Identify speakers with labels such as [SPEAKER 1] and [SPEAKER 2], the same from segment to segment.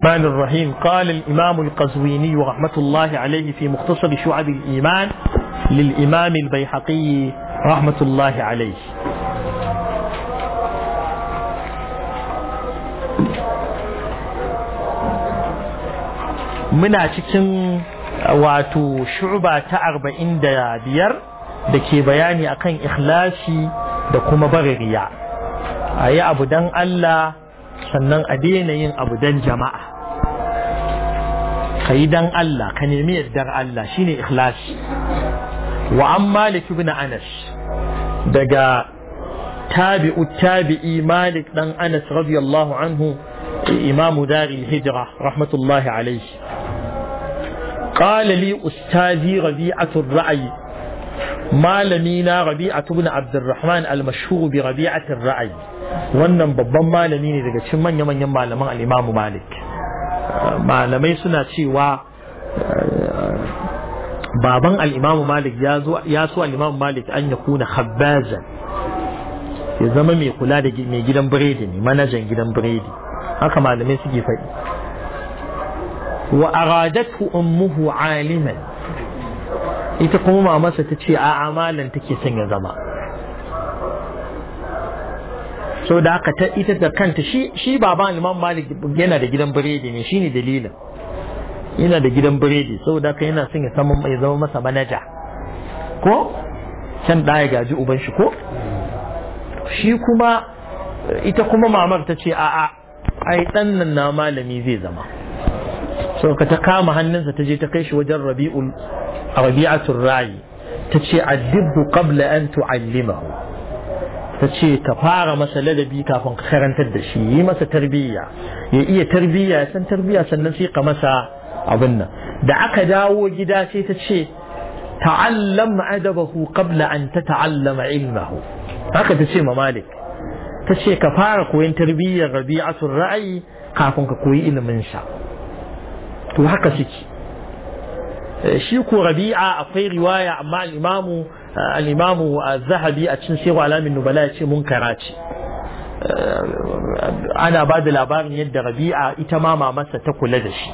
[SPEAKER 1] الرحمن الرحيم قال الإمام القزويني رحمة الله عليه في مختصر شعب الإيمان للإمام البيحقي رحمة الله عليه muna cikin wato shu'ba ta arba'in da biyar da ke bayani akan ikhlashi da kuma baririya a yi abu don Allah sannan a daina yin abu dan jama'a ka yi dan Allah ka nemi yardar Allah shine ikhlasi wa an malik ibn anas daga tabi'u tabi'i malik dan anas radiyallahu anhu imamu dari hijra rahmatullahi alaihi قال لي أستاذي ربيعة الرأي malami na rabi'atu ibn abdurrahman al-mashhur bi rabi'ati ar-ra'i wannan babban malami ne daga cikin manya-manyan malaman al-imam malik malamai suna cewa eh, baban al-imam malik ya zo ya so al-imam malik an ya kuna khabbazan ya zama mai kula da mai gidan biredi ne manajan gidan biredi haka malamai suke faɗi wa aradatu ummuhu aliman ita kuma mamarsa ta ce a'a malam take son ya zama so da haka ta ita da kanta shi shi baba Imam Malik yana da gidan biredi ne shine dalilin yana da gidan biredi saboda haka yana son ya samu mai zama masa manaja ko can da ya gaji uban shi ko shi kuma ita kuma mamar ta ce a'a ai dan nan na malami zai zama so ka ta kama hannunsa ta je ta kai shi wajen Rabi'ul rabi'atul ra'i ta ce addibu qabla an tu'allimahu ta ce ka fara masa ladabi kafin ka karantar da shi yi masa tarbiyya ya iya tarbiyya ya san tarbiyya sannan sai ka masa abin nan da aka dawo gida sai ta ce ta'allam adabahu qabla an tata'allama ilmahu haka ta ce ma malik ta ce ka fara koyon tarbiyyar rabi'atul ra'ayi kafin ka koyi ilimin sa to haka suke Eh, shi ko rabi'a akwai riwaya amma al-imamu eh, al-imamu az-zahabi a cikin shehu alamin nubala ya ce munkara ce eh, ana ba da labarin yadda rabi'a ita ma mamarsa ta kula da shi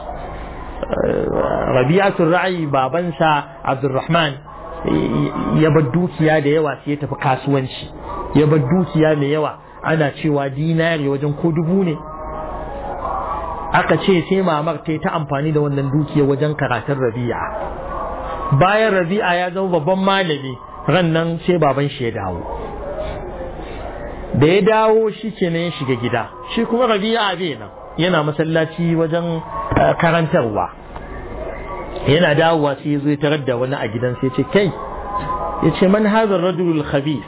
[SPEAKER 1] rabi'atul ra'ayi babansa abdurrahman ya bar dukiya da yawa sai ya tafi kasuwanci ya bar dukiya mai yawa ana cewa dinari wajen ko dubu ne aka ce sai mamar ta yi ta amfani da wannan dukiya wajen karatun rabi'a bayan rabi'a ya zama babban malami ran nan sai baban shi ya dawo da ya dawo shi kenan ya shiga gida shi kuma rabi'a bai nan yana masallaci wajen eh, karantarwa yana dawowa sai ya zo ya tarar da wani a gidan sai ce kai ya ce man hazar rajulul khabith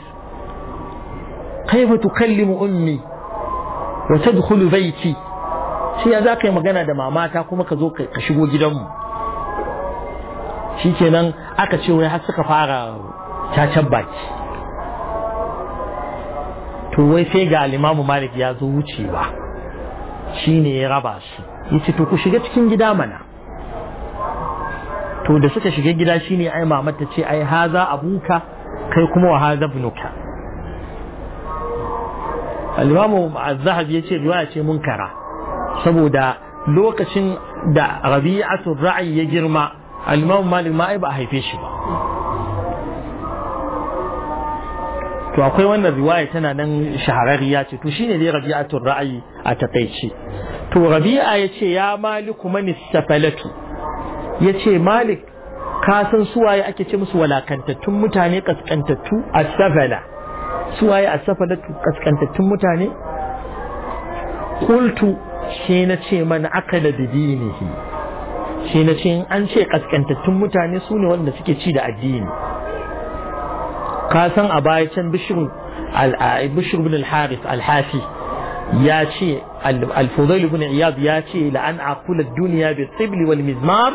[SPEAKER 1] kaifa tukallimu ummi wa tadkhulu baiti shi ya za ka yi magana da mamata kuma ka zo ka shigo gidanmu shi kenan aka ce wai har suka fara cacen baki to wai sai ga alimamu malik ya zo wucewa shi ne ya raba su ya ce to ku shiga cikin gida mana to da suka shiga gida shi ne ai mamata ce ai haza abuka kai kuma wa haza bunuka alimamu Zahab ya ce riwaya ce mun kara. saboda lokacin da rabi'atu ra'ayi ya girma al-imam malik ma ai ba haife shi ba to akwai wannan riwaya tana nan shahararriya ce to shine dai rabi'atu ra'ayi a takaice to rabi'a yace ya maliku man istafalatu yace malik ka san suwaye ake ce musu walakantattun mutane kaskantattu asfala suwaye safalatu kaskantattun mutane qultu sai na ce mana akala da dinihi shi na ce an ce kaskantattun mutane su ne wanda suke ci da addini ka san a baya can bishir bin al-harith al-hafi ya ce al-fudail ibn iyad ya ce la an aqula ad-dunya bi tibli wal mizmar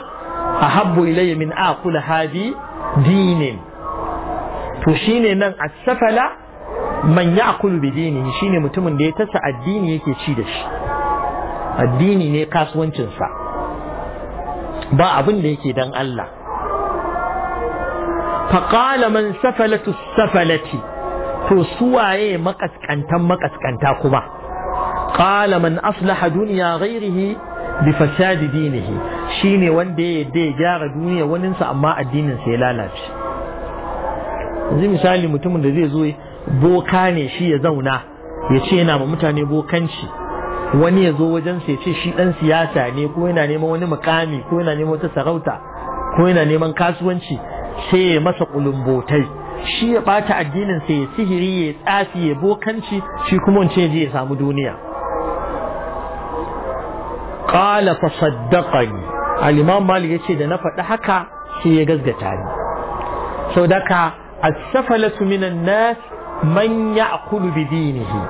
[SPEAKER 1] ahabbu ilayya min aqula hadi dinin to shine nan as-safala man ya'kulu bi dinihi shine mutumin da ya tasa addini yake ci da shi addini ne kasuwancinsa ba abin da yake dan Allah faƙala man safalatu safalati to suwaye makaskantan makaskanta kuma ƙala man aslaha duniya ghairihi bi fasadi dinihi shine wanda ya yadda ya gyara duniya waninsa amma addinin sa ya lalace yanzu misali mutumin da zai zo boka ne shi ya zauna ya yana ma mutane bokanci wani ya zo wajen sai ce shi dan siyasa ne ko yana neman wani mukami ko yana neman wata sarauta ko yana neman kasuwanci sai ya masa kulumbotai shi ya bata addinin sai ya sihiri ya tsafi ya bokanci shi kuma wance je ya samu duniya qala fa saddaqani al-imam malik yace da na faɗi haka sai ya gazgata ni sau daka as-safalatu minan nas man ya'kulu bi dinihi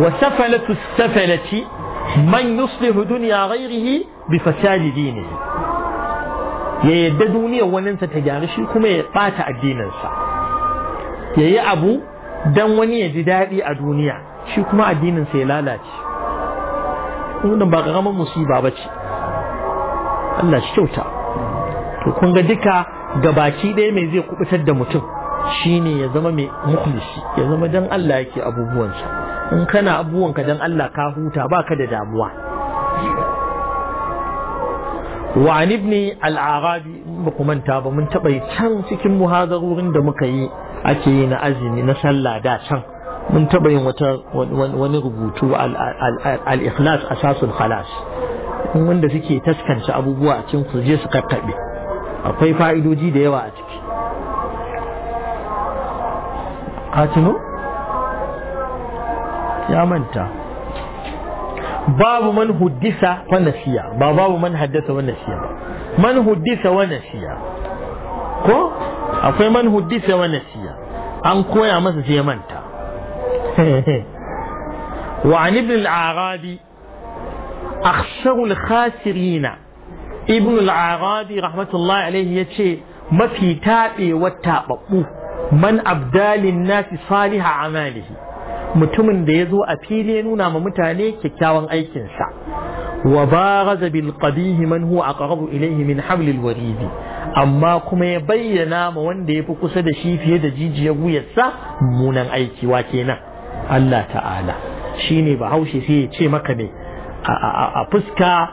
[SPEAKER 1] wa safalatu as-safalati man yuslihu dunya ghairihi bi fasadi dinihi ya yadda duniyar waninsa ta gyaru shi kuma ya bata addininsa ya yi abu dan wani ya ji daɗi a duniya shi kuma addininsa ya lalace wannan ba karamin musiba ba ce Allah shi kyauta to kun ga duka gabaki ɗaya mai zai kubutar da mutum shine ya zama mai muhlisi ya zama dan Allah yake abubuwansa in kana abubuwanka don Allah ka huta ba ka da damuwa wa an ibni al'arabi ba ku manta ba mun taɓa yi can cikin muhazarorin da muka yi ake yi na azumi na sallah da can mun taɓa yin wata wani rubutu al iklas a asasul khalas wanda suke taskance abubuwa a cikin su je akwai fa'idodi da yawa a ciki katino ya manta babu man huddisa wa nasiya ba babu man haddasa wa nasiya ba man huddisa wa nasiya ko akwai man huddisa wa nasiya an koya masa sai manta wa an ibn al-arabi akhsharu al-khasirin ibn al-arabi rahmatullahi alayhi yace mafi tabe wa tababbu man abdalin nasi salihah amalihi mutumin da ya zo a fili ya nuna ma mutane kyakkyawan aikinsa wa baraza bil qabihi man huwa aqrabu ilayhi min hablil warid amma kuma ya bayyana ma wanda ya fi kusa da shi fiye da jijiyar guyarsa munan aiki wa kenan Allah ta'ala shine bahaushe sai ya ce maka ne a fuska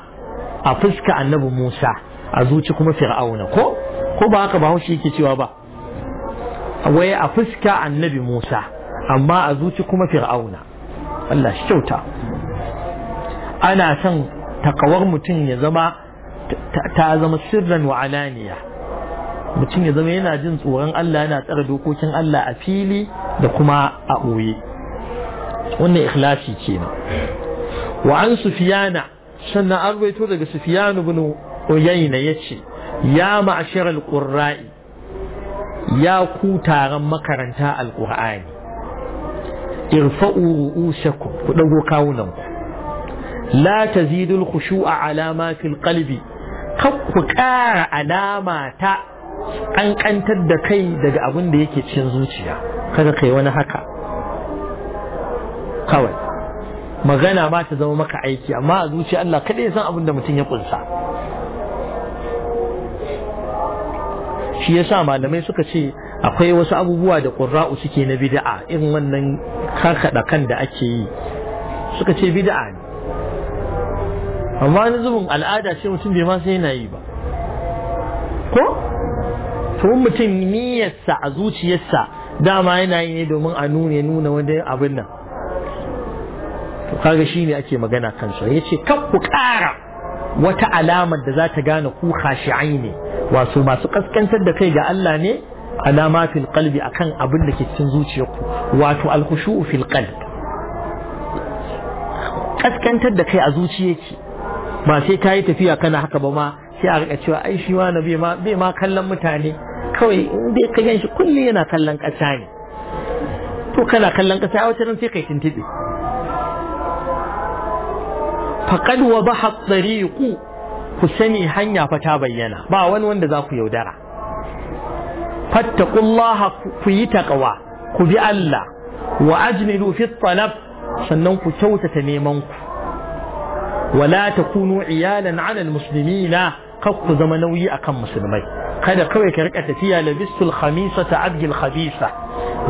[SPEAKER 1] a fuska annabi Musa a zuci kuma fir'auna ko ko ba haka bahaushe yake cewa ba wai a fuska annabi Musa amma a zuci kuma fir'auna Allah shi kyauta ana son takawar mutum ya zama ta zama sirran wa alaniya mutum ya zama yana jin tsoron Allah yana tsara dokokin Allah a fili da kuma a ɓoye wannan ikhlasi kenan wa an sufiyana sannan an daga sufiyanu bin uyayna yace ya ma'ashar al-qurra'i ya ku taron makaranta al-qur'ani irfa'u ru'usakum ku dago kawunan ku la tazidul khushu'a alama fil qalbi ku ƙara alama ta ƙanƙantar da kai daga abin da yake cikin zuciya kaga kai wani haka kawai magana ma ta zama maka aiki amma a zuciya Allah kada ya san abin da mutum ya kunsa shi yasa malamai suka ce akwai wasu abubuwa da ƙurra'u suke na bid'a irin wannan karkaɗa kan da ake yi suka ce bid'a ne amma wani zubin al'ada ce mutum bai ma sai yana yi ba ko to mutum niyyarsa a zuciyarsa dama yana yi ne domin a nuna nuna wani abin nan to kaga shine ake magana Ya yace kan ku ƙara wata alamar da za ta gane ku khashi'ai ne wasu masu kaskantar da kai ga Allah ne alama fil qalbi akan abin da ke cikin zuciyarku wato alkhushu'u fil qalb kaskantar da kai a zuciyarki ba sai kayi tafiya kana haka ba ma sai a rika cewa ai shi wani bai ma bai ma kallon mutane kawai in dai ka ganshi kulli yana kallon kasa ne to kana kallon kasa a wata ran sai kai tuntube faqad wadaha at-tariqu ku sani hanya fa ta bayyana ba wani wanda za ku yaudara فاتقوا الله في تقوى كبي الله وأجملوا في الطلب سننكو توتة نيمنك ولا تكونوا عيالا على المسلمين قف زمنوي أكم مسلمين قد قوي كركة فيها لبست الخميسة عبد الخبيثة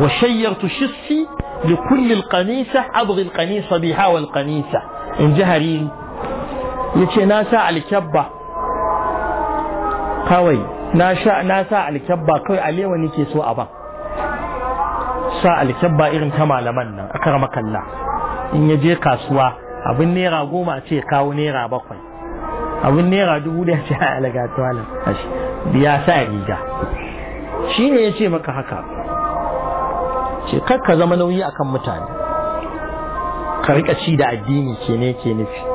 [SPEAKER 1] وشيرت شسي لكل القنيسة أبغي القنيسة بها والقنيسة إن جهرين يتناسى على كبة قوي na sha na sa alkyabba kawai alewa ke so a ban sa alkyabba irin ta malaman nan a karama kalla in ya je kasuwa abin naira goma ce kawo naira bakwai abin naira dubu da ce a alaga tuwalan ya sa riga shi ne ya ce maka haka ce kakka zama nauyi akan mutane ka rika ci da addini ke ne ke nufi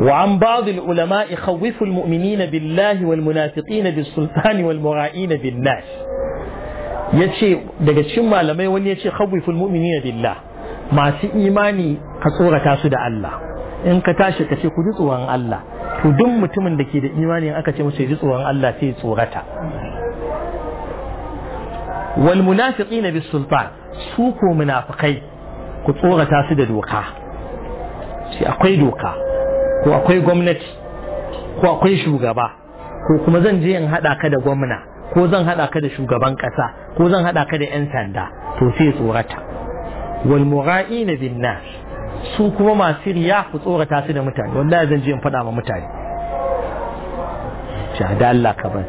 [SPEAKER 1] وعن بعض العلماء خوف المؤمنين بالله والمنافقين بالسلطان والمرائين بالناس yace daga cikin malamai wani yace khawiful mu'minina billah masu imani ka tsorata su da Allah in ka tashi ka ku ji tsoron Allah to duk mutumin da ke da imani aka ce masa ji tsoron Allah sai ya tsorata wal munafiqina bis su ko munafikai ku tsorata su da doka shi akwai doka ko akwai gwamnati ko akwai shugaba ko kuma zan je in haɗa ka da gwamna ko zan haɗa ka da shugaban ƙasa ko zan haɗa ka da 'yan sanda to sai tsorata wal mura'ina bin nas su kuma masu riya ku tsorata su da mutane wallahi zan je in faɗa ma mutane da Allah ka ban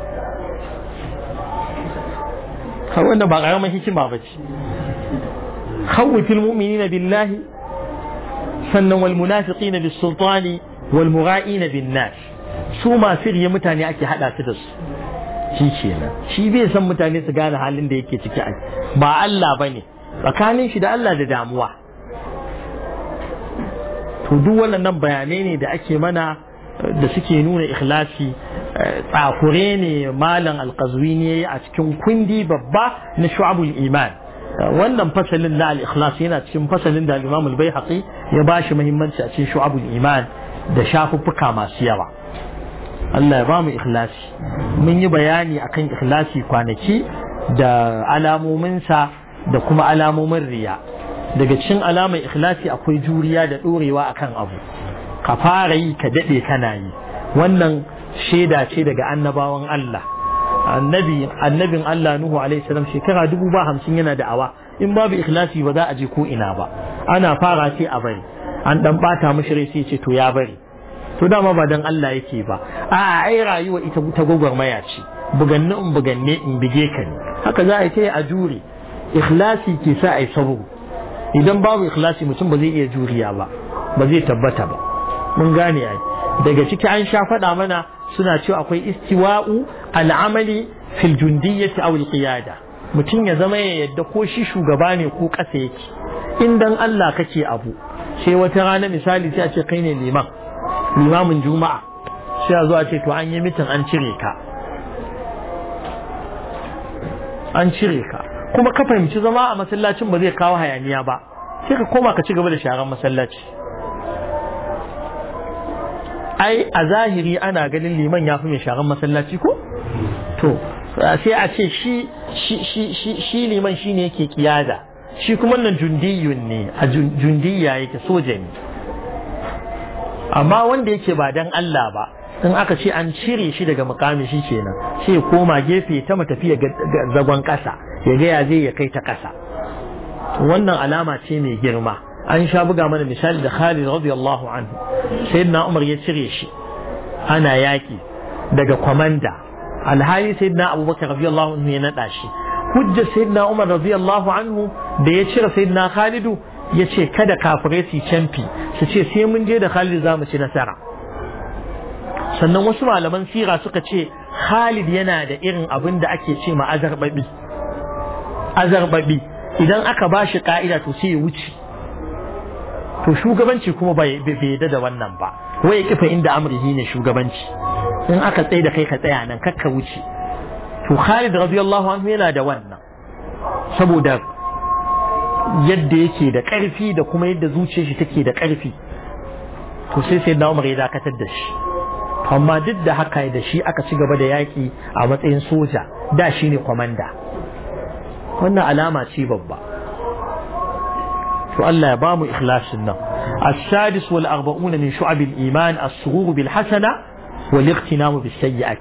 [SPEAKER 1] wannan ba ƙaramin hikima ba ce billahi sannan wal munafiqina bis sultani Walmuraina bin nas su masu mutane ake hada su da su shi kenan shi bai san mutane su gane halin da yake ciki ba Allah bane tsakanin shi da Allah da damuwa to duk waɗannan bayanai ne da ake mana da suke nuna ikhlasi eh, tsakure ne malam alqazwini yayi a cikin kundi babba na shu'abul iman wannan fasalin na al-ikhlas yana cikin fasalin da al-imam al-baihaqi ya bashi muhimmanci a cikin shu'abul iman da shafuffuka masu yawa Allah ya ba mu ikhlasi mun yi bayani akan ikhlasi kwanaki da alamomin sa da kuma alamomin riya daga cikin alamar ikhlasi akwai juriya da ɗorewa akan abu ka fara yi ka daɗe kana yi wannan shaida ce daga annabawan Allah annabi annabin Allah Nuhu alaihi shekara dubu ba hamsin yana da'awa in babu ikhlasi ba za a je ko ina ba ana fara ce a bari an dan bata mishi rai sai ce to ya bari to dama ba dan Allah yake ba a ai rayuwa ita ta gwagwarmaya ce buganni in buganne in bige ka ne haka za a yi a jure ikhlasi ke sa ai sabu idan babu ikhlasi mutum ba zai iya juriya ba ba zai tabbata ba mun gane ai daga ciki an sha faɗa mana suna cewa akwai istiwa'u al'amali fil jundiyyati aw al-qiyada mutum ya zama ya yadda ko shi shugaba ne ko ƙasa yake in dan Allah kake abu sai wata rana misali sai a ce kai ne liman limamin juma'a sai a zo a ce to an yi mitin an cire ka an cire ka kuma ka fahimci zama a masallacin ba zai kawo hayaniya ba sai ka koma ka ci gaba da sharan masallaci ai a zahiri ana ganin liman ya fi mai sharan masallaci ko to sai a ce shi shi shi shi liman shine yake kiyada shi kuma nan jundiyun ne a jundiya yake soja ne amma wanda yake ba dan Allah ba in aka ce an cire shi daga mukami shi kenan sai koma gefe ta matafiya zagon kasa ya gaya zai ya kai ta kasa wannan alama ce mai girma an sha buga mana misali da Khalid radiyallahu anhu sayyidina Umar ya cire shi ana yaƙi daga kwamanda alhali sayyidina Abubakar radiyallahu anhu ya nada shi hujjar sayyidina Umar radiyallahu anhu da ya cire na khalidu ya ce kada kafirai su canfi su ce sai mun je da Khalidu za mu ci nasara sannan wasu malaman sira suka ce khalid yana da irin abin da ake ce ma azarbabi azarbabi idan aka ba shi ka'ida to sai ya wuce to shugabanci kuma bai yadda da wannan ba wai kifa inda amrihi ne shugabanci in aka tsaye da kai ka tsaya nan kakka wuce to khalid radiyallahu anhu yana da wannan saboda yadda yake da ƙarfi da kuma yadda zuciyar shi take da ƙarfi to sai sai na umar ya dakatar da shi amma duk da haka da shi aka ci gaba da yaƙi a matsayin soja da shi ne kwamanda wannan alama ce babba to Allah ya bamu ikhlasin nan السادس والأربعون من شعب الإيمان السرور بالحسنة والاغتنام بالسيئة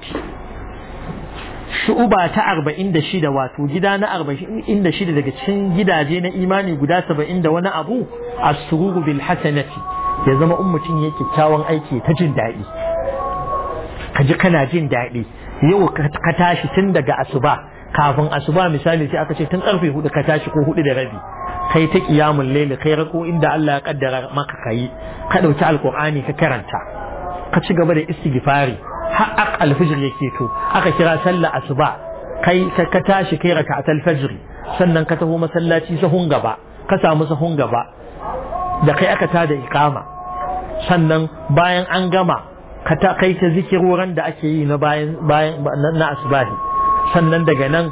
[SPEAKER 1] shu'uba ta arba'in da shida wato gida na arba'in da shida daga cikin gidaje na imani guda saba'in da wani abu a sururu bil hasanati ya zama in mutum ya kyakkyawan aiki ta jin daɗi ka ji kana jin daɗi yau ka tashi tun daga asuba kafin asuba misali sai aka ce tun karfe hudu ka tashi ko hudu da rabi kai ta kiyamun laili kai rako inda Allah ya kaddara maka kayi ka ɗauki alkur'ani ka karanta ka ci gaba da istighfari har alfijir yake to aka kira sallar asuba kai ka tashi kai raka'atul fajr sannan ka taho masallaci sahun gaba ka samu sahun gaba da kai aka tada iqama sannan bayan an gama ka ta kai ta zikiroran da ake yi na bayan na asubahi sannan daga nan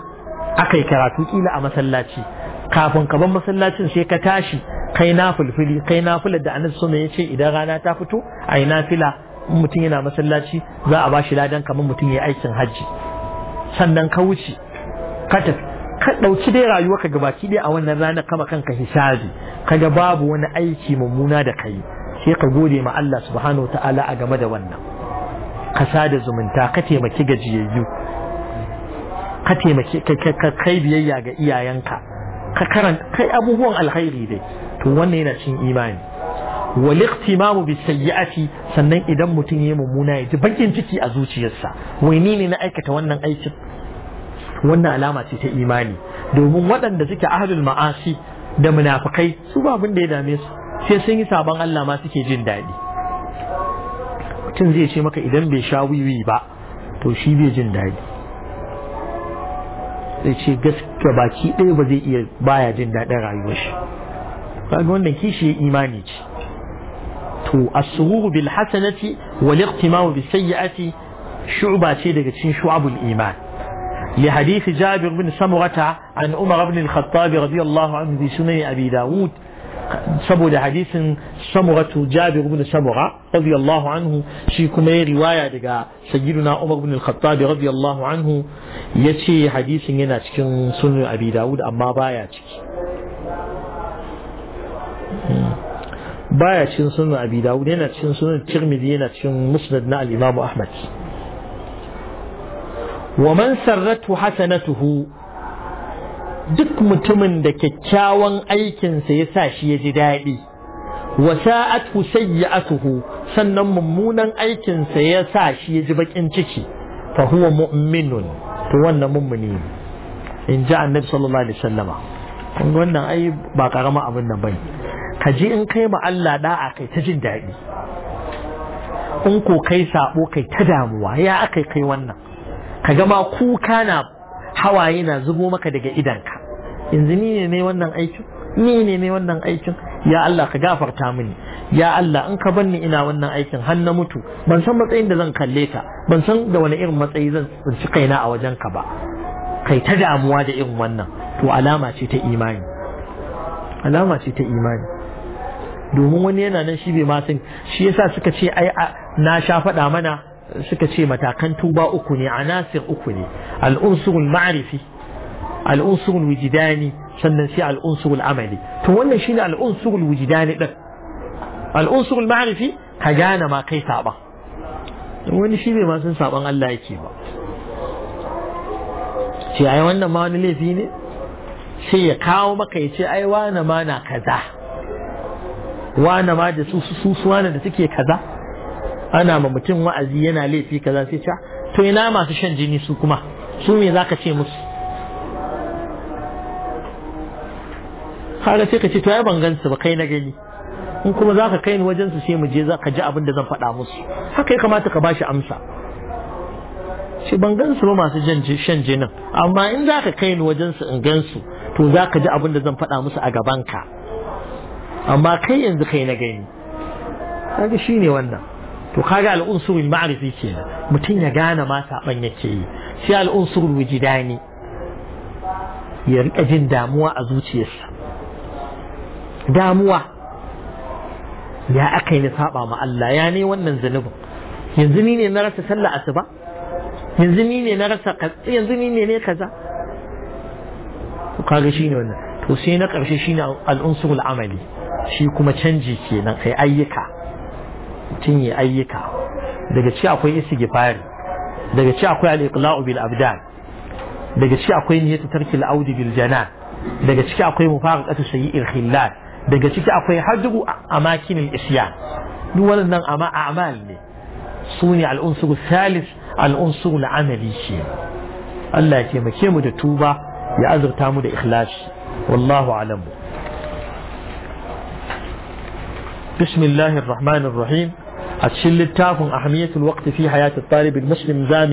[SPEAKER 1] akayi karatu kila a masallaci kafin ka bar masallacin sai ka tashi kai na kai na fula da annabi sunna yace idan rana ta fito ai fila. in mutum yana masallaci za a bashi ladan kamar mutum ya aikin hajji sannan ka wuce ka tafi ka dauki dai gabaki ɗaya a wannan ranar kama kanka hisabi kaga babu wani aiki mummuna da kai sai ka gode ma Allah subhanahu ta'ala a game da wannan ka sada zumunta ka taimaki gajiyayyu ka taimaki ka kai biyayya ga iyayenka ka karanta kai abubuwan alkhairi dai to wannan yana cin imani والاغتمام بالسيئة sannan idan mutum ya mummuna ya ji bakin ciki a zuciyarsa wai ni ne na aikata wannan aikin wannan alama ce ta imani domin waɗanda suke ahlul ma'asi da munafikai su ba abin da ya dame su sai sun yi sabon Allah ma suke jin daɗi mutum zai ce maka idan bai sha wiwi ba to shi bai jin daɗi sai ce gaske baki ɗaya ba zai iya baya jin daɗin rayuwar shi kaga wannan kishi imani ce wato as bil hasanati wal iqtima'u bis sayyi'ati shu'ba ce daga cikin shu'abul iman li hadisi jabir bin samurata an umar ibn al-khattab radiyallahu anhu bi sunan abi saboda hadisin samuratu jabir ibn samura radiyallahu anhu shi kuma ya riwaya daga sayyiduna umar ibn al-khattab radiyallahu anhu yace hadisin yana cikin sunan abi dawud amma baya ciki hmm. baya cin sunan abi dawud yana cin sunan tirmidhi yana cin musnad na al-imam ahmad wa man sarratu hasanatuhu duk mutumin da kyakkyawan aikinsa ya sa shi ya ji daɗi wa sa'atu sayyi'atuhu sannan mummunan aikinsa ya sa shi ya ji bakin ciki fa huwa mu'minun to wannan mummuni in ji annabi sallallahu alaihi wasallama wannan ai ba karama abin nan bane ka ji in kai ma Allah da'a kai ta jin daɗi in ko kai sabo kai ta damuwa ya aka kai wannan ka gama kuka na hawaye na zubo maka daga idanka yanzu ni ne wannan aikin ni ne ne wannan aikin ya Allah ka gafarta mini ya Allah in ka banni ina wannan aikin har na mutu ban san matsayin da zan kalle ka ban san da wani irin matsayi zan tsinci kaina a wajen ka ba kai ta damuwa da irin wannan to alama ce ta imani alama ce ta imani domin wani yana nan shi bai ma shi yasa suka ce ai na sha faɗa mana suka ce matakan tuba uku ne anasir uku ne al'unsurul ma'arifi. al'unsurul wujidani sannan sai al'unsurul amali to wannan shine al'unsurul wujidani din al'unsurul ma'arifi ka gane ma kai saba wani shi bai ma saban Allah yake ba ce ai wannan ma wani laifi ne sai ya kawo maka ya ce ai wani ma na kaza wane ma da su su wane da suke kaza ana ma mutum wa'azi yana laifi kaza sai ta to ina masu shan jini su kuma su me zaka ce musu
[SPEAKER 2] kaga sai ka ce to
[SPEAKER 1] ai ban gansu ba kai na gani in kuma zaka kai ni wajen su sai mu je zaka ji abin da zan faɗa musu haka ya kamata ka bashi amsa shi ban gansu ba masu shan jinin amma in zaka kai ni wajen su in gansu to zaka ji abin da zan faɗa musu a gaban ka amma kai yanzu kai na gani kaga shine wannan to kaga al'unsurul ma'rifi kenan mutum ya gane ma saban yake yi sai al'unsurul wujidani ya rika jin damuwa a zuciyarsa damuwa ya aka yi na saba ma Allah ya ne wannan zanubin yanzu ni ne na rasa sallah asuba yanzu ni ne na rasa yanzu ni ne ne kaza to kaga shine wannan to sai na karshe shine al-unsul amali shi kuma canji kenan kai ayyuka mutum ya ayyuka daga ci akwai istighfari daga ci akwai al-iqla'u bil abdan daga ci akwai niyyatu tarki al-audi bil janan daga ciki akwai mufaraqatu sayyi'il khillal daga ciki akwai hajju amakin al-isyan duk wannan ama a'mal ne sune al-unsur thalith al-unsur al-amali shi Allah ya taimake mu da tuba ya azurta mu da ikhlasi wallahu a'lamu بسم الله الرحمن الرحيم أتشل التاف أهمية الوقت في حياة الطالب المسلم زامي